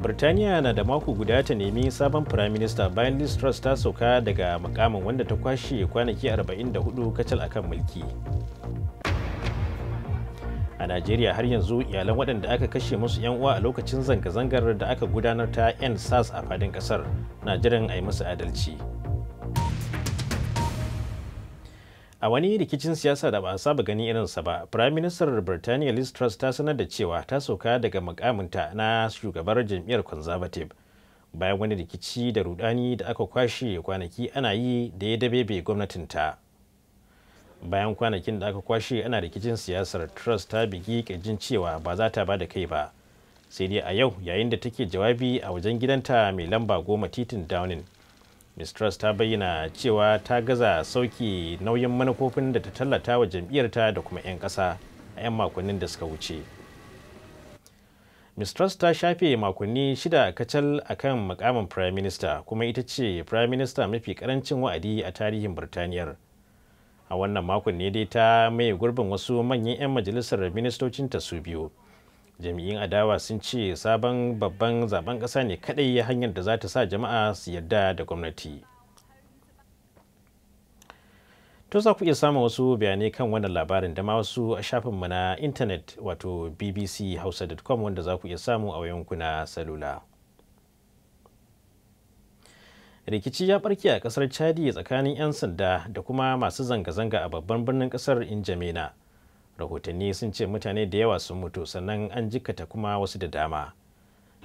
Birtaniya na da mako guda ta nemi sabon firaminista bayan Liz Truss ta sauka daga makamin wanda ta kwashe kwanaki 44 kacal akan mulki. A Najeriya har yanzu iyalan waɗanda aka kashe musu 'yan uwa a lokacin zanga-zangar da aka gudanar ta 'yan sas a fadin ƙasar na jiran a yi musu adalci. a wani rikicin siyasa da ba a saba gani irinsa ba prime minister birtaniya liz truss ta sanar da cewa ta sauka daga mukamunta na shugabar jam'iyyar conservative bayan wani rikici da rudani da aka kwashe kwanaki ana yi da ya dabebe ta bayan kwanakin da aka kwashe ana rikicin siyasar truss ta bigi kajin cewa ba za ta ba da kai ba sai dai a yau yayin da take jawabi a wajen gidanta mai lamba goma titin downing mistress ta bayyana cewa ta gaza sauki nauyin manufofin da ta tallata wa jam'iyyarta da kuma 'yan ƙasa a 'yan makonnin da suka wuce mistress ta shafe makonni shida kacal a kan mukamin prime minister kuma ita ce prime minister mafi karancin wa'adi a tarihin birtaniyar a wannan makon ne dai ta mai gurbin wasu manyan 'yan majalisar ministocinta su biyu jami'in adawa sun ce sabon babban zaben ƙasa ne kadai hanyar da za ta sa jama'a su yarda da gwamnati to za ku iya samun wasu bayanai kan wannan labarin da ma wasu a shafinmu na intanet wato bbchausa.com wanda za ku iya samu a wayanku na salula rikici ya barke a kasar chadi tsakanin 'yan sanda da kuma masu zanga-zanga a babban birnin kasar injamena rahotanni sun ce mutane da yawa sun mutu sannan an jikata kuma wasu da dama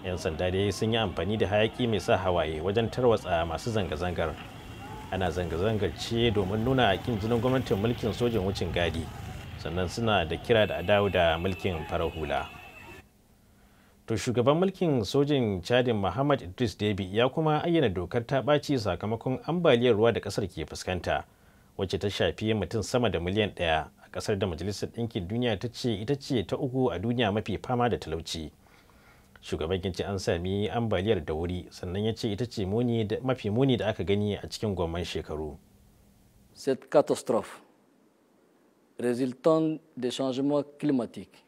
'yan sanda dai sun yi amfani da hayaki mai sa hawaye wajen tarwatsa masu zanga-zangar ana zanga-zangar ce domin nuna kin jinin gwamnatin mulkin sojin wucin gadi sannan suna da kira da adawu da mulkin farar hula to shugaban mulkin sojin chadin muhammad idris debi ya kuma ayyana dokar ta ɓaci sakamakon ambaliyar ruwa da ƙasar ke fuskanta wacce ta shafi mutum sama da miliyan ɗaya kasar da majalisar ɗinkin duniya ta ce ita ce ta uku a duniya mafi fama da talauci shugaban ya ce an sami ambaliyar da wuri sannan ya ce ita ce mafi muni da aka gani a cikin gwamman shekaru cette catastrophe résultant de changements climatiques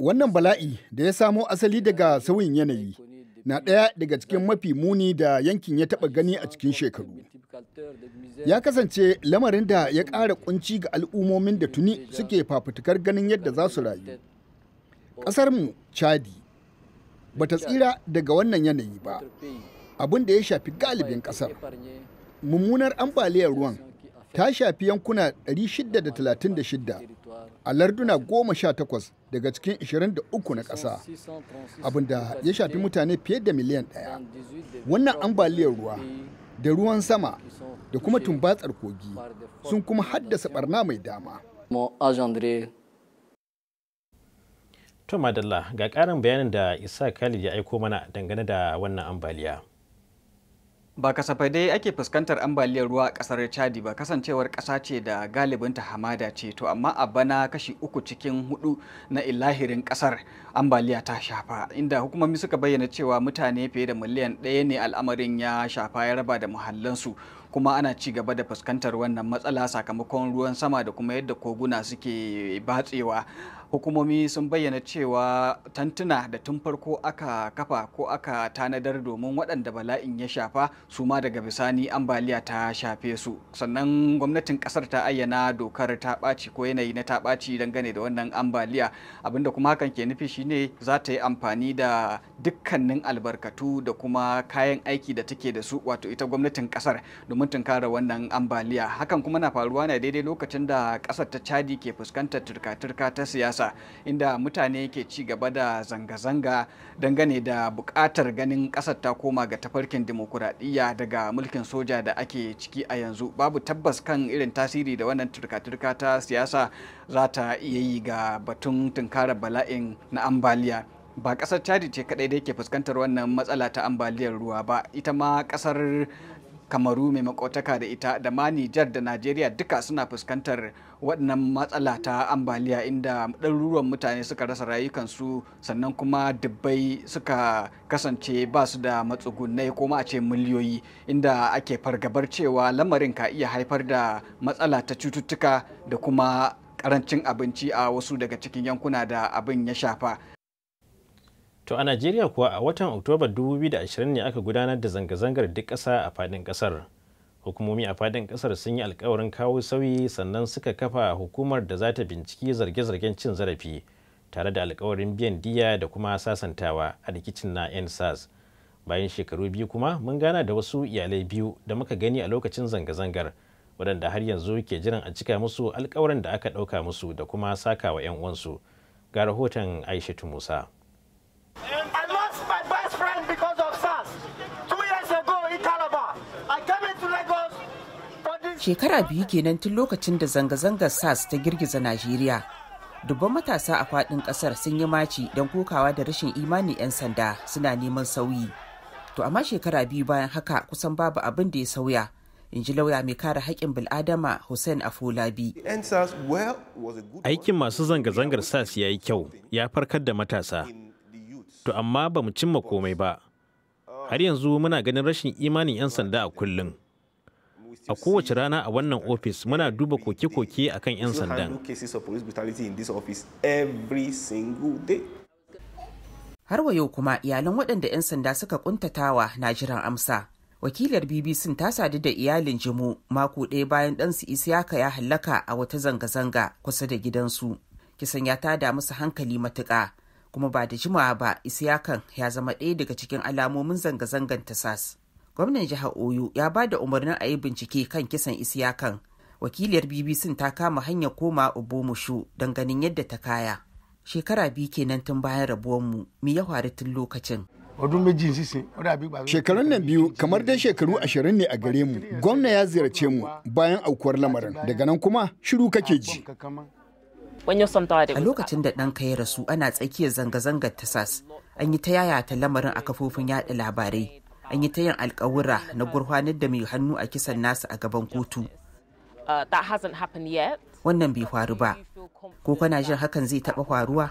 Wannan bala'i da ya samo asali daga sauyin yanayi na ɗaya daga cikin mafi muni da yankin ya taɓa gani a cikin shekaru. Ya kasance lamarin da ya ƙara ƙunci ga al'ummomin da tuni suke fafutukar ganin yadda za su rayu. Ƙasarmu Chadi ba ta tsira daga wannan yanayi ba, abin da ya shafi galibin ƙasar. Mummunar ambaliyar ruwan ta shafi yankuna 636 a larduna goma sha takwas daga cikin 23 na ƙasa abinda ya shafi mutane fiye da miliyan ɗaya wannan ambaliyar ruwa da ruwan sama da kuma tumbatsar kogi sun kuma haddasa barna mai dama to madalla ga ƙarin bayanin da isa khalid ya aiko mana dangane da wannan ambaliya ba kasafai dai ake fuskantar ambaliyar ruwa a kasar chadi ba kasancewar kasa ce da galibinta hamada ce to amma a bana kashi uku cikin hudu na ilahirin kasar ambaliya ta shafa inda hukumomi suka bayyana cewa mutane fiye da miliyan ɗaya ne al'amarin ya shafa ya raba da muhallansu kuma ana ci gaba da fuskantar wannan matsala sakamakon ruwan sama da kuma yadda koguna suke batsewa hukumomi sun bayyana cewa tantuna da tun farko aka kafa ko aka tanadar domin waɗanda bala'in ya shafa su ma daga bisani ambaliya ta shafe su sannan gwamnatin ƙasar ta ayyana dokar ta ɓaci ko yanayi na ta ɓaci dangane da wannan ambaliya abinda kuma hakan ke nufi shine za ta yi amfani da dukkanin albarkatu da kuma kayan aiki da take da su wato ita gwamnatin ƙasar domin tunkara wannan ambaliya hakan kuma na faruwa ne daidai lokacin da ƙasar ta chadi ke fuskantar turka-turka ta siyasa ƙasa inda mutane ke ci gaba da zanga-zanga dangane da buƙatar ganin ƙasar ta koma ga tafarkin dimokuraɗiyya daga mulkin soja da ake ciki a yanzu babu tabbas kan irin tasiri da wannan turka-turka ta siyasa za ta iya yi ga batun tunkarar bala'in na ambaliya ba ƙasar chadi ce kadai da ke fuskantar wannan matsala ta ambaliyar ruwa ba ita ma kasar kamaru mai makotaka da ita da ma nijar da najeriya duka suna fuskantar waɗannan matsala ta ambaliya inda ɗaruruwan mutane suka rasa rayukansu sannan kuma dubbai suka kasance ba su da matsugunai ko ma a ce miliyoyi inda ake fargabar cewa lamarin ka iya haifar da matsala ta cututtuka da kuma karancin abinci a wasu daga cikin yankuna da abin ya shafa To a Najeriya kuwa a watan Oktoba 2020 ne aka gudanar da zanga-zangar duk ƙasa a faɗin ƙasar. Hukumomi a faɗin ƙasar sun yi alkawarin kawo sauyi sannan suka kafa hukumar da za ta binciki zarge-zargen cin zarafi tare da alkawarin biyan diya da kuma sasantawa a rikicin na NSAS. Bayan shekaru biyu kuma mun gana da wasu iyalai biyu da muka gani a lokacin zanga-zangar waɗanda har yanzu ke jiran a cika musu alkawarin da aka ɗauka musu da kuma sakawa 'yan uwansu. Ga rahoton aisha Musa. I lost my best friend because of SARS. Two years ago in Calabar. I came into Lagos. Shekara biyu kenan tun lokacin da zanga-zangar SARS ta girgiza Najeriya. Dubban matasa a faɗin ƙasar sun yi maci don kokawa da rashin imani 'yan sanda suna neman sauyi. To amma shekara biyu bayan haka kusan babu abin da ya sauya. in ji lauya mai kare haƙƙin bil'adama hussein afolabi aikin masu zanga-zangar sas ya yi kyau ya farkar da matasa to amma ba mu cimma komai ba har yanzu muna ganin rashin imanin 'yan sanda a kullum a kowace rana a wannan ofis muna duba koke-koke a kan 'yan sandan har wa yau kuma iyalan waɗanda 'yan sanda suka kuntatawa na jiran amsa wakilar bbc ta sadu da iyalin jimu mako ɗaya bayan ɗansu isiyaka ya hallaka a wata zanga-zanga kusa da gidansu kisan ya tada musu hankali matuƙa kuma ba da jimawa ba isiyakan ya zama ɗaya daga cikin alamomin zanga-zangan ta sas gwamnan jihar oyo ya ba da umarnin a yi bincike kan kisan isiyakan wakiliyar bbc ta kama hanyar koma obomushu don ganin yadda ta kaya shekara biyu kenan tun bayan rabuwanmu mu ya faru tun lokacin shekarun nan biyu kamar dai shekaru ashirin ne a gare mu gwamna ya ziyarce mu bayan aukuwar lamarin daga nan kuma shiru kake ji A lokacin da ɗanka ya rasu ana tsakiyar zanga-zangar tasas, an yi ta yayata lamarin a kafofin yaɗa labarai, an yi ta yin alkawura na gurfanar da mai hannu a kisan nasa a gaban kotu. Uh, Wannan bai faru ba, ko kana jin hakan zai taɓa faruwa?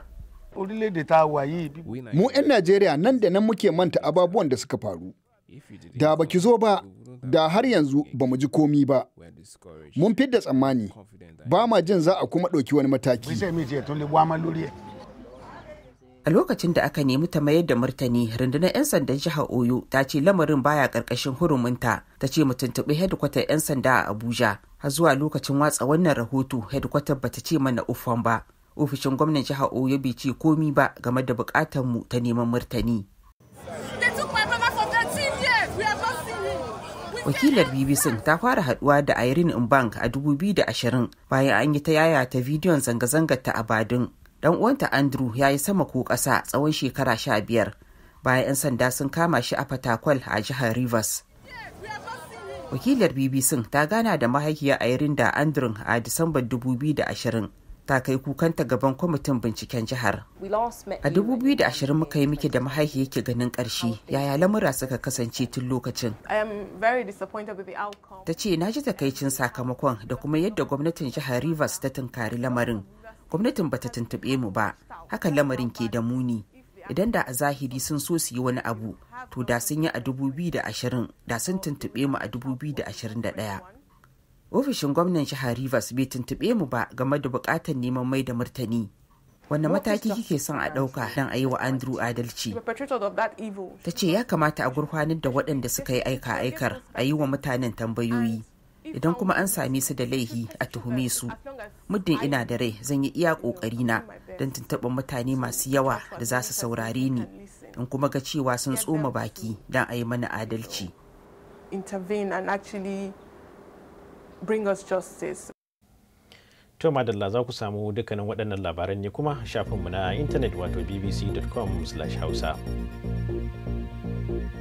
Mu 'yan Najeriya nan da nan muke manta abubuwan da suka faru. Da baki zo ba, da har yanzu ba mu ji komi ba. Mun fidda tsammani, ba ma jin za a kuma ɗauki wani mataki. A lokacin da aka nemi ta mayar da martani, rundunar 'yan sandan jihar Oyo ta ce lamarin baya ƙarƙashin hurumunta, ta ce mu tuntuɓi hedikwatar 'yan sanda a Abuja. Har zuwa lokacin watsa wannan rahoto, hedikwatar bata ce mana ufan ba. Ofishin gwamnan jihar Oyo bai ce komi ba game da buƙatar mu ta neman martani. wakilar bbc ta fara haduwa da irene bank a 2020 bayan an yi ta yaya ta bidiyon zanga-zangar ta abadin dan uwanta andrew ya yi sama ko ƙasa tsawon shekara 15 bayan 'yan sanda sun kama shi a fatakwal a jihar rivers wakilar bbc ta gana da mahaifiyar irene da andrew a disambar 2020 ta kai kukanta gaban kwamitin binciken jihar. A 2020 muka yi miki da mahaifi yake ganin ƙarshe yaya lamura suka kasance tun lokacin. Ta ce na ji takaicin sakamakon da kuma yadda gwamnatin jihar Rivers ta tunkari lamarin. Gwamnatin ba ta tuntuɓe mu ba, haka lamarin ke da muni. Idan da a zahiri sun so su yi wani abu, to da sun yi a 2020 da sun tuntuɓe mu a da ɗaya. ofishin gwamnan jihar rivers bai tuntuɓe mu ba game da buƙatar neman mai da murtani, wanda mataki kike son a ɗauka don a yi wa andrew adalci ta ce ya kamata a gurfanar da waɗanda suka yi aika aikar a yi wa mutanen tambayoyi idan kuma an same su da laihi a tuhume su muddin ina da rai zan yi iya kokari na don tuntuɓar mutane masu yawa da za su saurare ni in kuma ga cewa sun tsoma baki don a yi mana adalci intervene bring us justice. To madalla za ku samu dukkanin waɗannan labaran ne kuma shafin shafinmu na intanet wato bbc.com/hausa.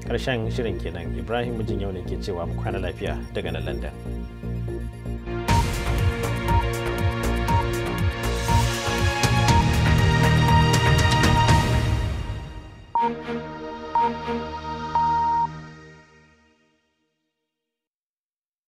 Ƙarshen shirin kenan Ibrahim Mijin yau ne ke cewa kwana lafiya daga nan London.